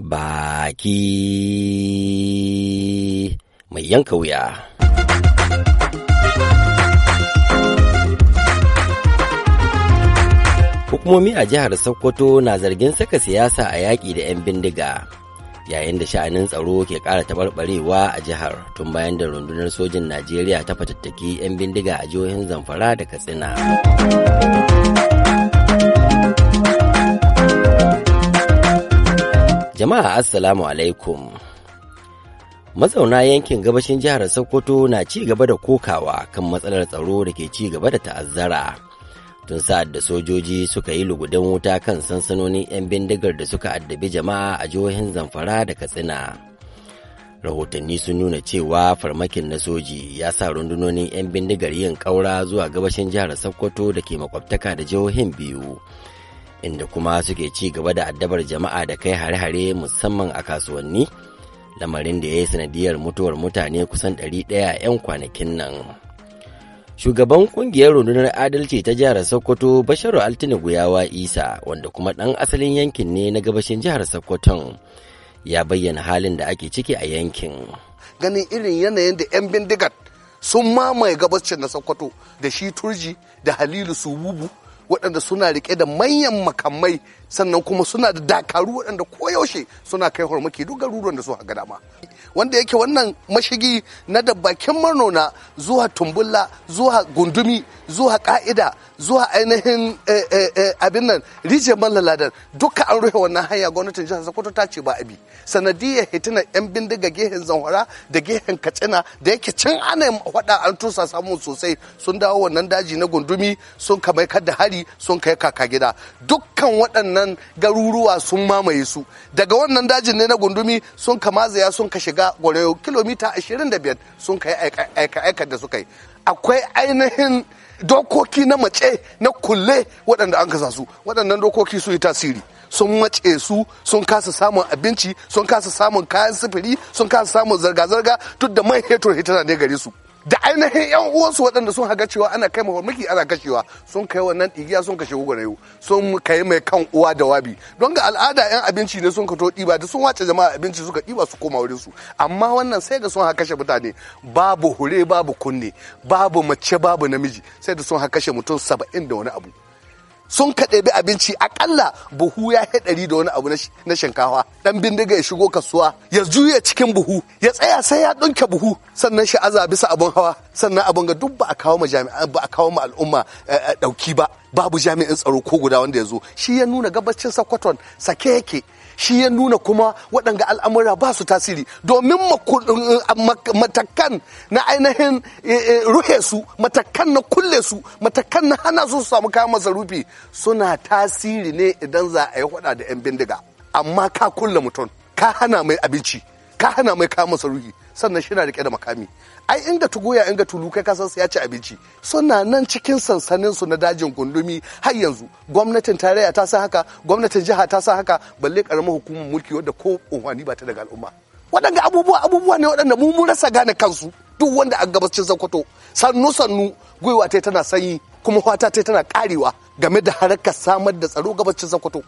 baki mai yanka wuya. Hukumomi a jihar Sokoto na zargin saka siyasa a yaƙi da 'yan bindiga, yayin da sha'anin tsaro ke ƙara taɓarɓarewa a jihar tun bayan da rundunar sojin Najeriya ta fatattaki 'yan bindiga a jihohin Zamfara da Katsina. Jama'a Assalamu alaikum. Mazauna yankin gabashin jihar Sokoto na ci gaba da kokawa kan matsalar tsaro da ke ci gaba da ta'azzara. Tun sa'ad da sojoji suka yi lugudan wuta kan sansanonin 'yan bindigar da suka addabi jama'a a jihohin Zamfara da Katsina. Rahotanni sun nuna cewa farmakin na soji ya sa rundunonin 'yan bindigar yin ƙaura zuwa gabashin jihar Sokoto da ke makwabtaka da jihohin biyu. inda kuma suke ci gaba da addabar jama'a da kai hare-hare musamman a kasuwanni lamarin da ya yi sanadiyar mutuwar mutane kusan 100 'yan kwanakin nan. Shugaban kungiyar rundunar adalci ta jihar Sokoto Basharu Altini Guyawa Isa wanda kuma ɗan asalin yankin ne na gabashin jihar Sokoton ya bayyana halin da ake ciki a yankin. Ganin irin yanayin da 'yan bindigar sun mamaye gabashin na Sokoto da shi turji da Halilu su Sububu waɗanda suna riƙe da manyan makamai sannan kuma suna da dakaru waɗanda koyaushe suna kai hormaki duk garuruwan da su haga dama wanda yake wannan mashigi na da bakin manona zuwa tumbulla zuwa gundumi zuwa ka'ida zuwa ainihin eh, eh, eh, abin nan rijiyar mallaladan duka an rufe wannan hanya gwamnatin jihar sokoto ta ce ba abi sanadiyar hitinan yan bindiga gehen zanwara da gehen katsina da yake can ana faɗa an tusa samun sosai sun dawo wannan daji na gundumi sun kamai kada hari sun kai kaka gida dukkan waɗannan waɗannan garuruwa sun mamaye su daga wannan dajin ne na gundumi sun kama zaya sun ka shiga gwarayo kilomita 25 sun ka yi aika da suka yi akwai ainihin dokoki na mace na kulle waɗanda an kasa su waɗannan dokoki su yi tasiri sun mace su sun kasa samun abinci sun kasa samun kayan sifiri sun kasa samun zirga-zirga, duk da man hetur hitana ne gare su da ainihin yan uwansu waɗanda sun haga cewa ana kai mahormaki ana kashewa sun kai wannan igiya sun kashe gwanayu sun kai mai kan uwa da wabi don ga al'ada yan abinci ne sun kato ɗiba da sun wace jama'a abinci suka ɗiba su koma wurin su amma wannan sai da sun haka kashe mutane babu hure babu kunne babu mace babu namiji sai da sun haka kashe mutum saba'in da wani abu sun ka ɗebi abinci akalla buhu ya yi ɗari da wani abu na shinkawa Ɗan bindiga ya shigo kasuwa ya juya cikin buhu ya tsaya sai ya ɗunke buhu sannan shi aza bisa abun hawa sannan abun ga duk ba a kawo ma ba a kawo ma al'umma eh, eh, ɗauki ba babu jami'in tsaro ko guda wanda ya zo shi ya nuna gabacin sakwaton sake yake shi ya nuna kuma waɗanga al'amura ba su tasiri domin matakan na ainihin eh, eh, ruhe su matakan na kulle su matakan na hana su samu kayan masarufi suna tasiri ne idan za a yi hada da 'yan bindiga amma ka kulle mutum ka hana mai abinci ka hana mai kama masarufi sannan shi na rike da makami ai inga tuguya inga tulu kai kasan ya ci abinci suna nan cikin sansanin su na dajin gundumi har yanzu gwamnatin tarayya ta san haka gwamnatin jiha ta san haka balle karamar hukumar mulki wadda ko umarni ba ta daga al'umma waɗanda abubuwa abubuwa ne waɗanda mu mu rasa gane kansu duk wanda a gabacin sokoto sannu sannu gwiwa ta tana sanyi kuma fata ta tana karewa game da harkar samar da tsaro gabacin sokoto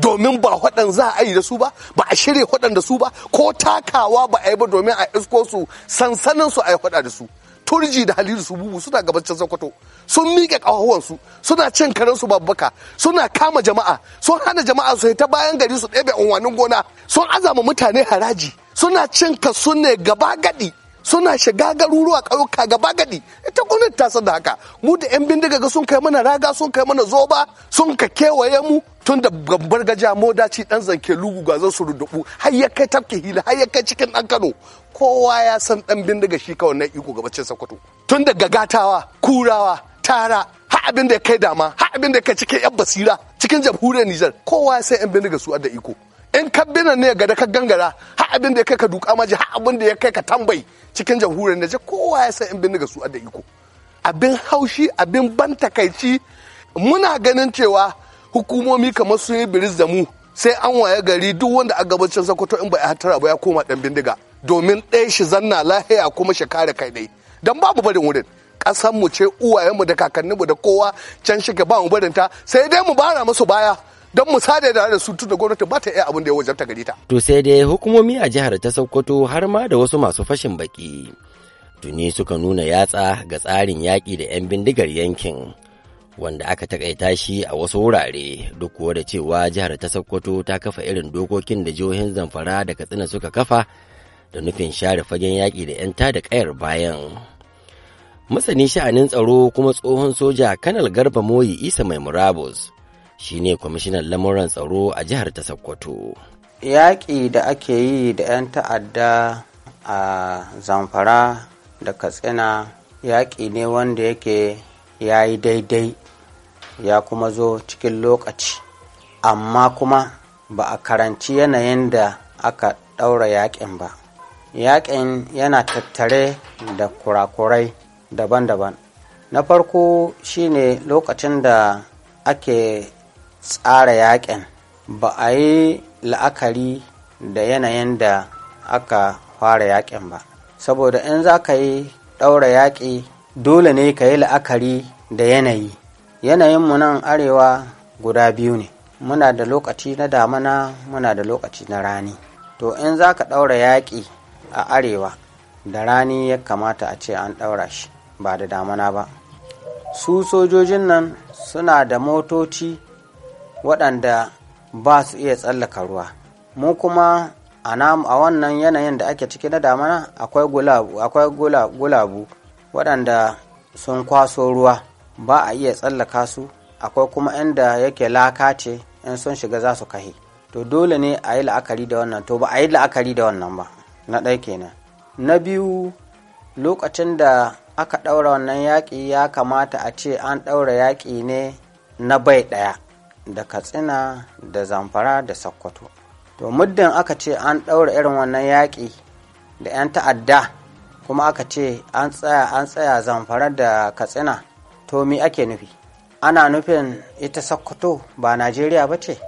domin ba waɗan za a yi da su ba ba a shirya waɗan da su ba ko takawa ba a yi ba domin a isko su sansanin su a yi waɗa da su turji da halilu su bubu suna gabacin sokoto sun miƙe ƙafafuwansu suna cin karen su babbaka suna kama jama'a sun hana jama'a su ta bayan gari su ɗebe unwanin gona sun azama mutane haraji suna cin kasu ne gaba gadi suna shiga garuruwa ƙauyuka gaba gadi ita gwamnati ta san da haka mu da yan bindiga ga sun kai mana raga sun kai mana zoba sun ka kewaye mu tun da gambar gaja modaci dan zanke lugu gazan su rudubu har ya kai tafki hila har ya kai cikin dan Kano kowa ya san dan bindiga shi ka wannan iko gabacin Sokoto tun da gagatawa kurawa tara har abin da ya kai dama har abin da ya kai cikin yan basira cikin jamhuriyar Nijar kowa ya san yan bindiga su da iko binan ne ga ka gangara har abin da ya kai ka duka maji har abin da ya kai ka tambayi cikin jamhuriyar Nijar kowa ya san in bindiga su da iko abin haushi abin ban takaici muna ganin cewa hukumomi kamar sun yi biris da mu sai an waye gari duk wanda a gabacin Sokoto in ba hatara ba ya koma dan bindiga domin ɗaya shi zanna lahiya kuma shi kare kai dai dan babu barin wurin kasan mu ce uwayenmu da kakanninmu da kowa can shike ba mu barinta sai dai mu bara musu baya don mu sada da su tun da gwamnati ba ta iya abin da ya wajen gari ta. To sai dai hukumomi a jihar ta Sokoto har ma da wasu masu fashin baki. Tuni suka nuna yatsa ga tsarin yaƙi da 'yan bindigar yankin. Wanda aka takaita shi a wasu wurare duk kuwa da cewa jihar ta Sokoto ta kafa irin dokokin da jihohin Zamfara da Katsina suka kafa da nufin share fagen yaƙi da 'yan tada ƙayar bayan. Masani sha'anin tsaro kuma tsohon soja Kanal Garba Moyi Isa Mai Murabus shine kwamishinan lamuran tsaro a jihar ta Sokoto. Yaƙi da ake yi da 'yan ta'adda a zamfara da katsina yaƙi ne wanda yake ya yi daidai ya kuma zo cikin lokaci amma kuma ba a karanci yanayin da aka ɗaura yaƙin ba yaƙin yana tattare da kurakurai daban-daban na farko shine lokacin da ake tsara yaƙin ba a yi la'akari da yanayin da aka fara yaƙin ba saboda in za ka yi ɗaura yaƙi dole ne ka yi la'akari da yanayi yanayin mu nan arewa guda biyu ne muna da lokaci na damana muna da lokaci na rani to in za ka ɗaura yaƙi a arewa da rani ya kamata a ce an ɗaura shi ba da damana ba su sojojin nan suna da motoci waɗanda ba su iya tsallaka ruwa mu kuma a wannan yanayin da ake ciki na damana akwai gulabu, akwai gulabu waɗanda sun kwaso ruwa ba a iya tsallaka su akwai kuma inda yake laka ce in sun shiga za su kahe to dole ne a yi la'akari da wannan to ba a yi la'akari da wannan ba na ɗaya kenan na biyu lokacin da aka ɗaura wannan yaƙi ya kamata a ce an ɗaura yaƙi ne na bai ɗaya da katsina da zamfara da sokoto to muddin aka ce an ɗaura irin wannan yaƙi da 'yan ta'adda kuma aka ce an tsaya an tsaya zamfara da katsina to mi ake nufi ana nufin ita sokoto ba najeriya ba ce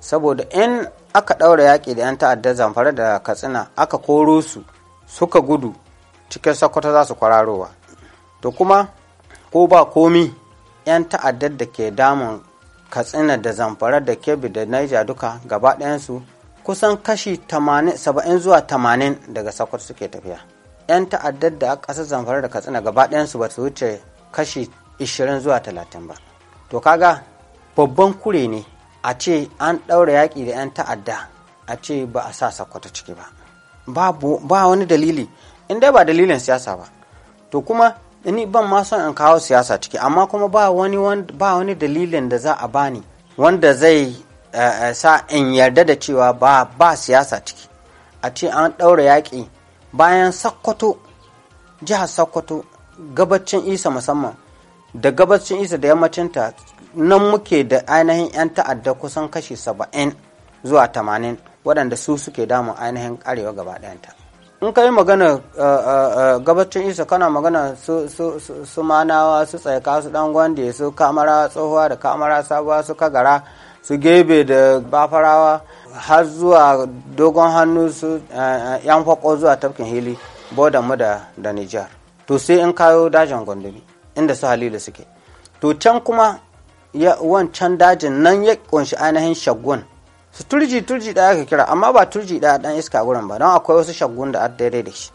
saboda in aka ɗaura yaƙi da 'yan ta'adda zamfara da katsina aka koro su suka gudu cikin sokoto za su kwararowa to kuma ko ba komi 'yan ta'addar da ke damun katsina da zamfara da kebbi da naija duka gaba ɗayansu kusan kashi 70 zuwa 80 daga sakwat suke tafiya 'yan ta'addar da ƙasar zamfara da katsina gaba ɗayansu ba su wuce kashi 20 zuwa 30 ba to kaga babban kure ne a ce an ɗaura yaƙi da 'yan ta'adda a ce ba a sa sakwata ciki ba ba wani dalili in dai ba dalilin siyasa ba to kuma ni ban ma son in kawo siyasa ciki amma kuma ba wani ba wani dalilin da za a bani wanda zai eh, eh, sa in yarda da cewa ba ba siyasa ciki a ce an ɗaura yaƙi bayan sakkwato jihar sakkwato gabacin isa musamman da gabacin isa da yammacinta nan muke da ainihin 'yan ta'adda kusan kashi saba'in zuwa tamanin waɗanda su suke damun ainihin arewa gaba ɗayanta in ka yi magana gabacin isa kana magana su manawa su tsaika su dan gwande su kamara tsohuwa da kamara sabuwa su kagara su gebe da bafarawa har zuwa dogon hannu su yan fako zuwa tafkin hili bodan mu da nijar to sai in kayo dajin gwandumi inda su halilu suke to can kuma wancan dajin nan ya kunshi ainihin shagun su turji turji daya ka kira amma ba turji daya dan iska gurin ba don akwai wasu shagun da ad daidai da shi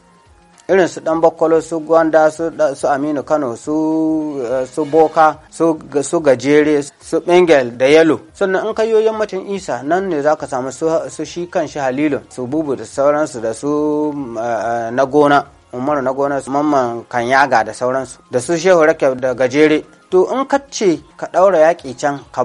irin su dan bakwalo su gwanda su aminu kano su eh, boka su gajere su bengal da yalo sannan in kayo yammacin isa nan ne za ka samu su shi kan shi halilu su bubu da sauransu da su mm, eh, eh, na gona umaru na gona mamman kan yaga da sauransu da su shehu rake da gajere to in ka ce ka ɗaura yaƙi can ka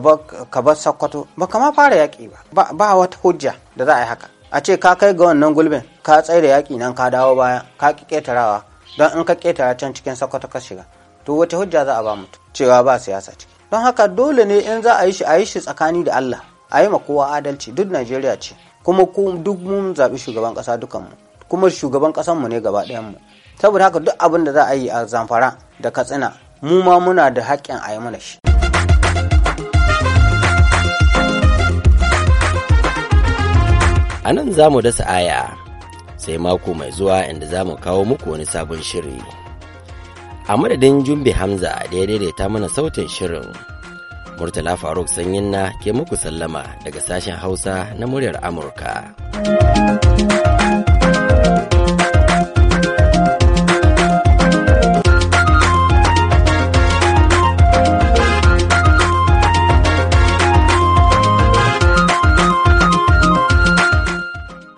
bar sakkwato ba ma fara yaƙi ba ba wata hujja da za a yi haka a ce ka kai ga wannan gulbin ka tsaye da yaƙi nan ka dawo baya ka ƙi ƙetarawa don in ka ƙetara can cikin sakkwato ka shiga to wata hujja za a ba mutu cewa ba siyasa ciki don haka dole ne in za a yi shi a yi shi tsakani da Allah a yi ma kowa adalci duk Najeriya ce kuma duk mun zaɓi shugaban ƙasa dukanmu kuma shugaban mu ne gaba mu saboda haka duk abin da za a yi a zamfara da katsina mu ma muna da haƙƙin a yi mana shi a nan za mu dasa aya sai mako mai zuwa inda za mu kawo muku wani sabon shiri a madadin jumbe hamza da ya daidaita mana sautin shirin murtala faruk sanyin na ke muku sallama daga sashen hausa na muryar amurka